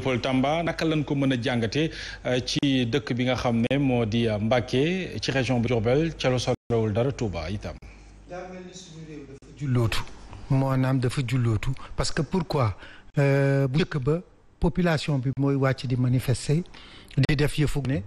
Léopold Tamba naka lañ ko mën a jàngate euh, ci dëkk bi nga xam ne moo di euh, Mbacké ci région bu Diourbel ca la sorewul dara Touba itam dafa jullootu moo naam dafa jullootu parce que pourquoi euh, bu njëkk ba population bi mooy wàcc di manifeste di def yëfu ne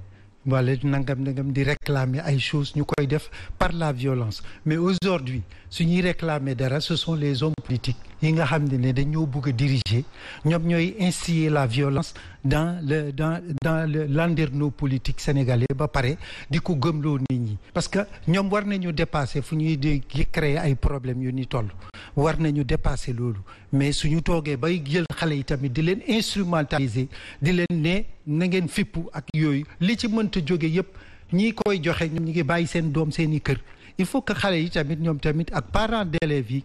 wala nangam nangam di réclamer ay choses ñu koy def par la violence mais aujourd'hui su ñuy réclamer dara ce sont les hommes politiques yi nga xam ne dañoo bëgg a ñoom ñooy instiller la violence dans le dans dans le landerneau politique sénégalais ba pare di ko gëmloo nit ñi parce que ñoom war nañu dépasser fu ñuy di créer ay problèmes yu ni toll war nañu dépasé loolu mais su ñu toogee bay jël xale yi tamit di leen instrumentaliser di leen ne na ngeen fippu ak yooyu li ci mënta jóge yépp ñi koy joxe ñoom ñi ngi bàyyi seen doom seeni kër il faut que xale yi tamit ñoom tamit ak parent d'élèves yi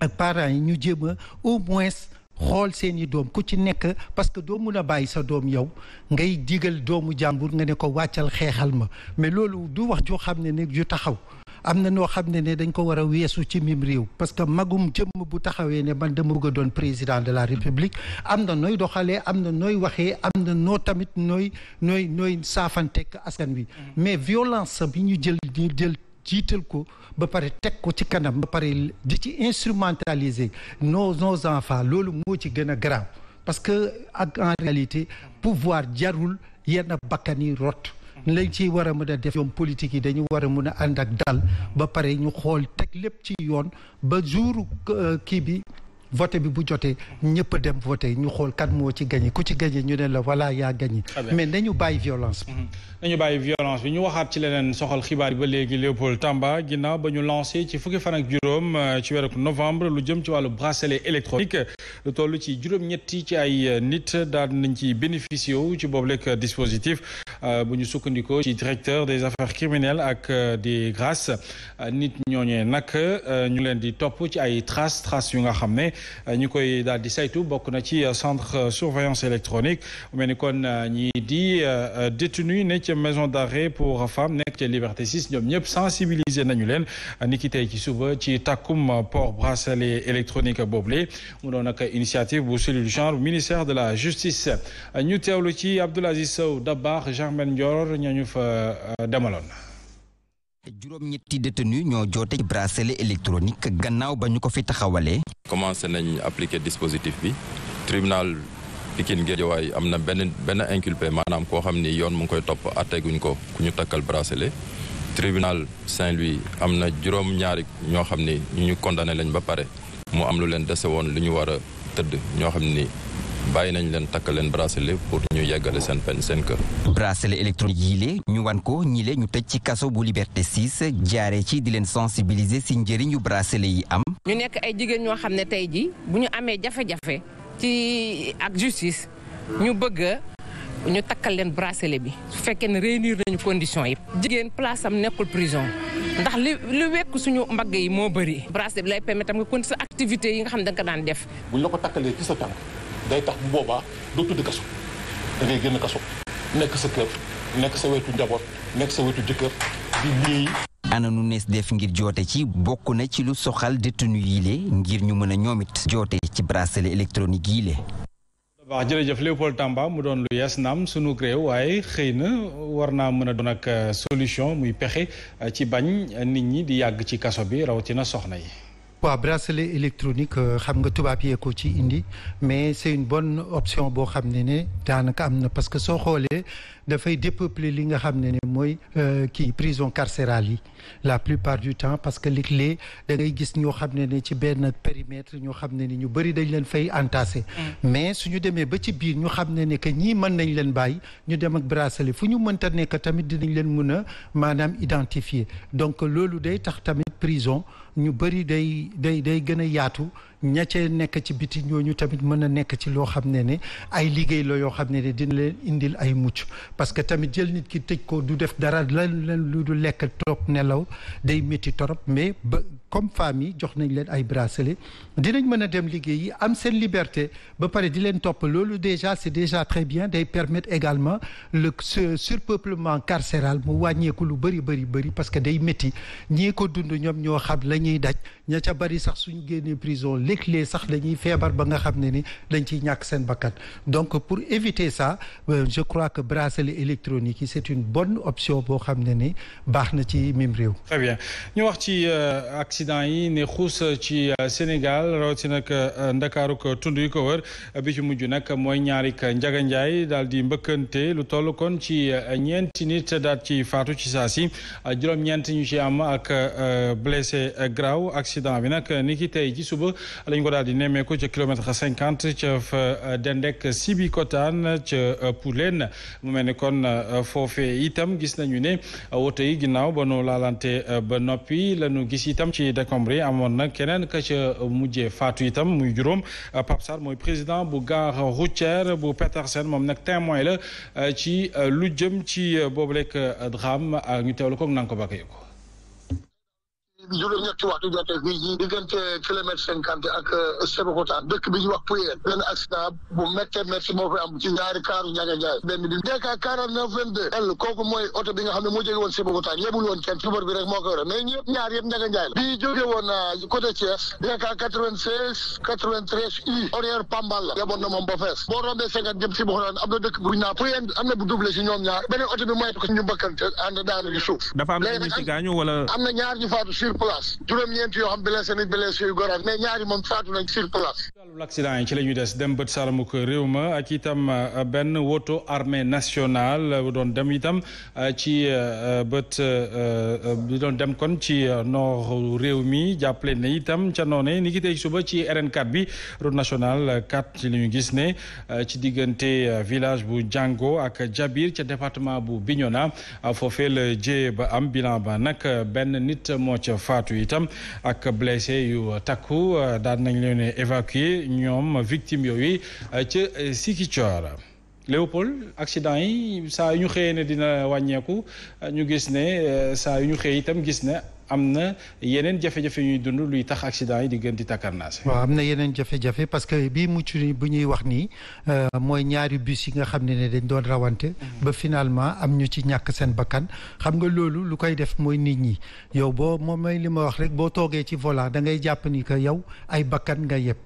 ak parent yi ñu jéem a au moins xool seeni doom ku ci nekk parce que doo mun a bàyyi sa doom yow ngay digal doomu jàmbur nga ne ko wàccal xeexal ma mais loolu du wax joo xam ne ne yu taxaw am na noo xam ne ne dañ ko war a weesu ci mim réew parce que magum jëmm bu taxawee ne man dama bëgg a doon président de la république am na nooy doxalee am na nooy waxee am na noo tamit nooy nooy nooy saafanteek askan wi mais violence bi ñu jël ñu jël jiital ko ba pare teg ko ci kanam ba pare di ci instrumentaliser nos nos enfants loolu moo ci gën a grave parce que ak en réalité pouvoir jarul yenn bakkan yi rot lañ ci war a mën a def ñoom politique yi dañu war a mën a ànd ak dal ba pare ñu xool teg lépp ci yoon ba jour euh, kii bi vote bi bu jotee ñëpp dem vote ñu xool kan moo ci gagné ku ci gagné ñu ne la voilà yaa gagné ah mais nañu bàyyi violence bi mm-hmm. nañu bàyyi violence bi ñu waxaat ci leneen soxal xibaar yi ba léegi Léopold Tamba ginnaaw ba ñu lancé ci fukki fan ak juróom euh, ci weeru novembre lu jëm ci wàllu bracelet électronique lu toll ci juróom-ñetti ci ay euh, nit daal nañ ci bénéficié wu ci boobu lekk dispositif euh, bu ñu sukkandikoo ci directeur des affaires criminelles ak des grâces nit ñooñee nag ñu leen di topp ci ay trace yu nga xam ne ñu koy daal di saytu bokk na ci euh, centre euh, surveillance électronique mel ni kon euh, ñi di détenu yi ne ca maison d'arrêt pour femmes nekk ca Liberté 6 ñoom ñëpp sensibiliser nañu leen ni ki tey ci suba ci takkum port bracelet électronique boobule mu doon nag initiative bu cellule genre ministère de la justice ñu teewlu ci Abdoul Aziz Sow Dabax Germaine Ndior ñañu fa demaloon juróom-ñetti détenu ñoo joote bracelet électronique gannaaw ba ñu ko fi taxawalee. commencé nañ appliquer dispositif bi tribunal Pikine Guédiawaye am na benn benn inculpé maanaam koo xam ni yoon mu ngi koy topp atteguñ ko ku ñu takkal bracelet tribunal Saint-Louis am na juróom-ñaari ñoo xam ni ñu ñu condamné lañ ba pare mu am lu leen dese woon lu ñu war a tëdd ñoo xam ni bàyyi nañ leen takk leen bracelet pour ñu yeggale seen peine seen kër. bracelet électronique yii lee ñu wan ko ñi lee ñu tëj ci kaso bu liberté 6 jaaree ci di leen sensibiliser si njëriñ yu bracelet yi am. ñu nekk ay jigéen ñoo xam ne tey jii bu ñu amee jafe-jafe ci ak justice ñu bëgg ñu takkal leen bracelet bi su fekkee ne réunir nañu conditions yi. jigéen place am nekkul prison. ndax li li wekk suñu mbagg yi moo bëri. bracelet bi lay permettre am nga continuer yi nga xam ne da ko daan def. buñ la ko takkalee ci day tax bu boobaa doo tudd kaso da ngay génn kaso nekk sa kër nekk sa wetu njaboot nekk sa wetu jëkkër di lii ana nu nees def ngir joote ci bokk na ci lu soxal détenu yiile ngir ñu mën a ñoom it joote ci bracelet électronique yiile waaw jërëjëf Léopold Tamba mu doon lu yees naam sunu réew waaye xëy na war naa mën a doon ak solution muy pexe ci bañ nit ñi di yàgg ci kaso bi rawatina soxna yi waaw bracelet électronique euh, xam nga tubaab yee ko ci indi mais c'est une bonne option boo xam ne ne daanaka am na parce que soo xoolee dafay dépeupler li nga xam ne ne mooy euh, kii prison carcérale yi la plupart du temps parce que léeg-léeg dangay gis ñoo xam ne ne ci benn périmètre ñoo xam ne ne ñu bëri dañ leen fay entassé mm. mais suñu demee ba ci biir ñu xam ne ne que ñii mën nañ leen bàyyi ñu dem ak bracelet fu ñu mënta nekk tamit dinañ leen mun a maanaam identifier donc loolu day tax tamit day day gën a yaatu ña cee nekk ci biti ñooñu tamit mën a nekk ci loo xam ne ne ay liggéey la yoo xam ne ne dina leen indil ay mucc parce que tamit jël nit ki tëj ko du def dara lan leen lu du lekk toog nelaw day métti torop mais ba comme femmes yi jox nañ leen ay bracelet dinañ mën a dem liggéey yi am seen liberté ba pare di leen topp loolu déjà c'est déjà très bien day permettre également le surpeuplement carcéral mu wàññeeku lu bëri bëri bëri parce que day métti ñii ko dund ñoom ñoo xam la ñuy daj sax suñu génnee prison léeg-léeg sax dañuy feebar ba nga xam ne ni dañ ciy ñàkk seen bakkan donc pour éviter ça euh, je crois que bracelet électronique yi c'est une bonne option boo xam ne ni baax na ci mim réew. très bien ñu wax ci euh, accident yi ne xuus ci euh, Sénégal rawatina nag Ndakaaru ko tund yi ko wër bi ci mujj nag mooy ñaari Njaga Njaay daal di mbëkkante lu toll kon ci ñeenti nit daal ci faatu ci saa si juróom-ñeent ñu ci am ak blessé grave accident bi nag ni tey ci suba lañ ko daal di nemmeeku ca kilomètre cinquante ca fa euh, dendek Sibikotaan ca euh, Poulen mu mel ni kon euh, foofee itam gis nañu ne woto yi ginnaaw ba nu laalante ba noppi la gis itam ci décombre yi amoon na keneen ka ca mujjee faatu itam muy juróom Pape Sarr mooy président bu gare routière bu Petersen moom nag témoin la ci lu jëm ci boobu rek drame ñu teewlu ko nanga ko bàkkee ko juróom-ñetti waxtu jotee fii ji diggante kilomètre cinquante ak euh, Sébikotane dëkk bi ñu wax Puyéen benn accident bu méttee métti moo fi am ci ñaari kaaru Ndiaga Ndiaye benn bi DK 49 22 L kooku mooy oto bi nga xam ne moo jóge woon Sébikotane yebul woon kenn chauffeur bi rek moo ko yore mais ñëpp ñaar yëpp Ndiaga Ndiaye la bii jóge woon euh, côté Thiès DK 96 93 i horaire Pambal la yeboon na moom ba fees boo rombee cinquante jëm Sébikotane am na dëkk bu ñu naan Puyéen am na bu doublé si ñoom ñaar beneen oto bi mooy ko ñu bëkkante ànd daanu ci suuf sur place juróom-ñeent yoo xam blessé nañ blessé yu goraat mais ñaari moom faatu nañ sur ci la des dem bët saalamuk réew ma ak itam euh, benn woto armée nationale euh, doon dem itam euh, ci bët bu doon dem kon ci nord réew mi jàppale ne itam ca noonu ni ki tey suba ci rn bi route nationale 4 ci li gis ne ci diggante village bu Django ak Jabir ca département bu Bignona foofee la jée ba am bilan ba nag benn nit moo ca faatu itam ak blessé yu takku daan nañ leen évacuer ñoom victime yooyu euh, ca euh, Ziguinchor Léopold accident yi saa yu ñu xëyee ne dina wàññeeku euh, ñu gis ne saa yu ñu xëyee itam gis ne am na yeneen jafe-jafe ñuy dund luy tax accident yi di gën di takkarnaase. waaw am na yeneen jafe-jafe parce que bii mucc bu ñuy wax nii euh, mooy ñaari bus yi nga xam ne ne dañ doon rawante. Mhm. ba finalement am ñu ci ñàkk seen bakkan xam nga loolu lu koy def mooy nit ñi yow boo moom mooy li ma wax rek boo toogee ci volant da ngay jàpp ni que yow ay bakkan nga yëpp.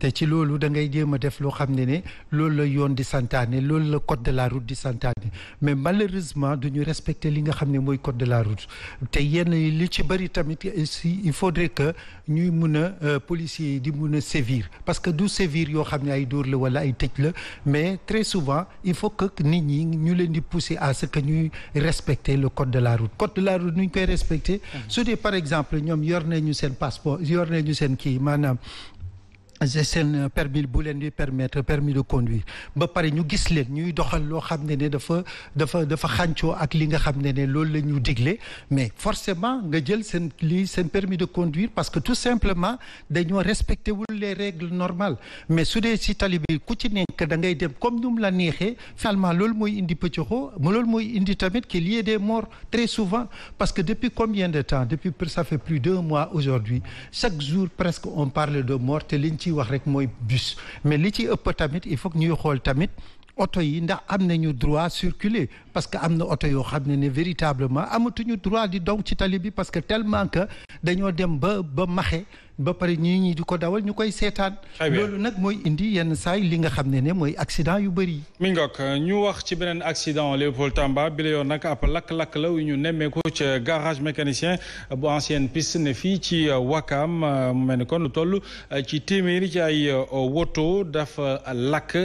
te ci loolu da ngay jéem a def loo xam ne ne loolu la yoon di santaane loolu la code de la route di santaane mais malheureusement du ñu respecter li nga xam ne mooy code de la route te yenn li ci bëri tamit si il faudrait que ñuy mun a euh, policiers di mun a sévir parce que du sévir yoo xam ne ay dóor la wala ay tëj mais très souvent il faut que nit ñi ñu leen di pousser à ce que ñuy respecter le code de la route code de la route nu ñu koy respecter mhm. su dee par exemple ñoom yor ñu seen passeport yor ñu seen kii maanaam seen euh, permis bu leen di permettre permis de conduire ba pare ñu gis leen ñuy doxal loo xam ne ne dafa dafa dafa xàncoo ak li nga xam ne ne loolu la ñu digle mais forcément nga jël seen lii seen permis de conduire parce que tout simplement dañoo respecté wul les règles normales mais su dee si tali ku ci nekk da ngay dem comme nu mu la neexee finalement loolu mooy indi pëccoxoo loolu mooy indi tamit qu'il y ait des morts très souvent parce que depuis combien de temps depuis ça fait plus d'un mois presque on de mort te ciy wax rek mooy bus mais li ci ëpp tamit il foog ñuy xool tamit oto yi ndax am nañu droit circuler parce que am na oto yoo xam ne ne véritablement amatuñu droit di daw ci tali bi parce que tellement que dañoo dem ba ba maxe ba pare ñii ñi di ko dawal ñu koy seetaan loolu nag mooy indi yenn saay li nga xam ne ne mooy accident yu bëri mi ngook ñu wax ci beneen accident Léopold Tamba bi la yoon nag ab lakk-lakk la yu ñu nemmeeku ci garage mécanicien bu ancienne piste ne fii ci Wakam euh, euh, mu mel ni kon lu toll euh, ci téeméeri ci woto dafa lakk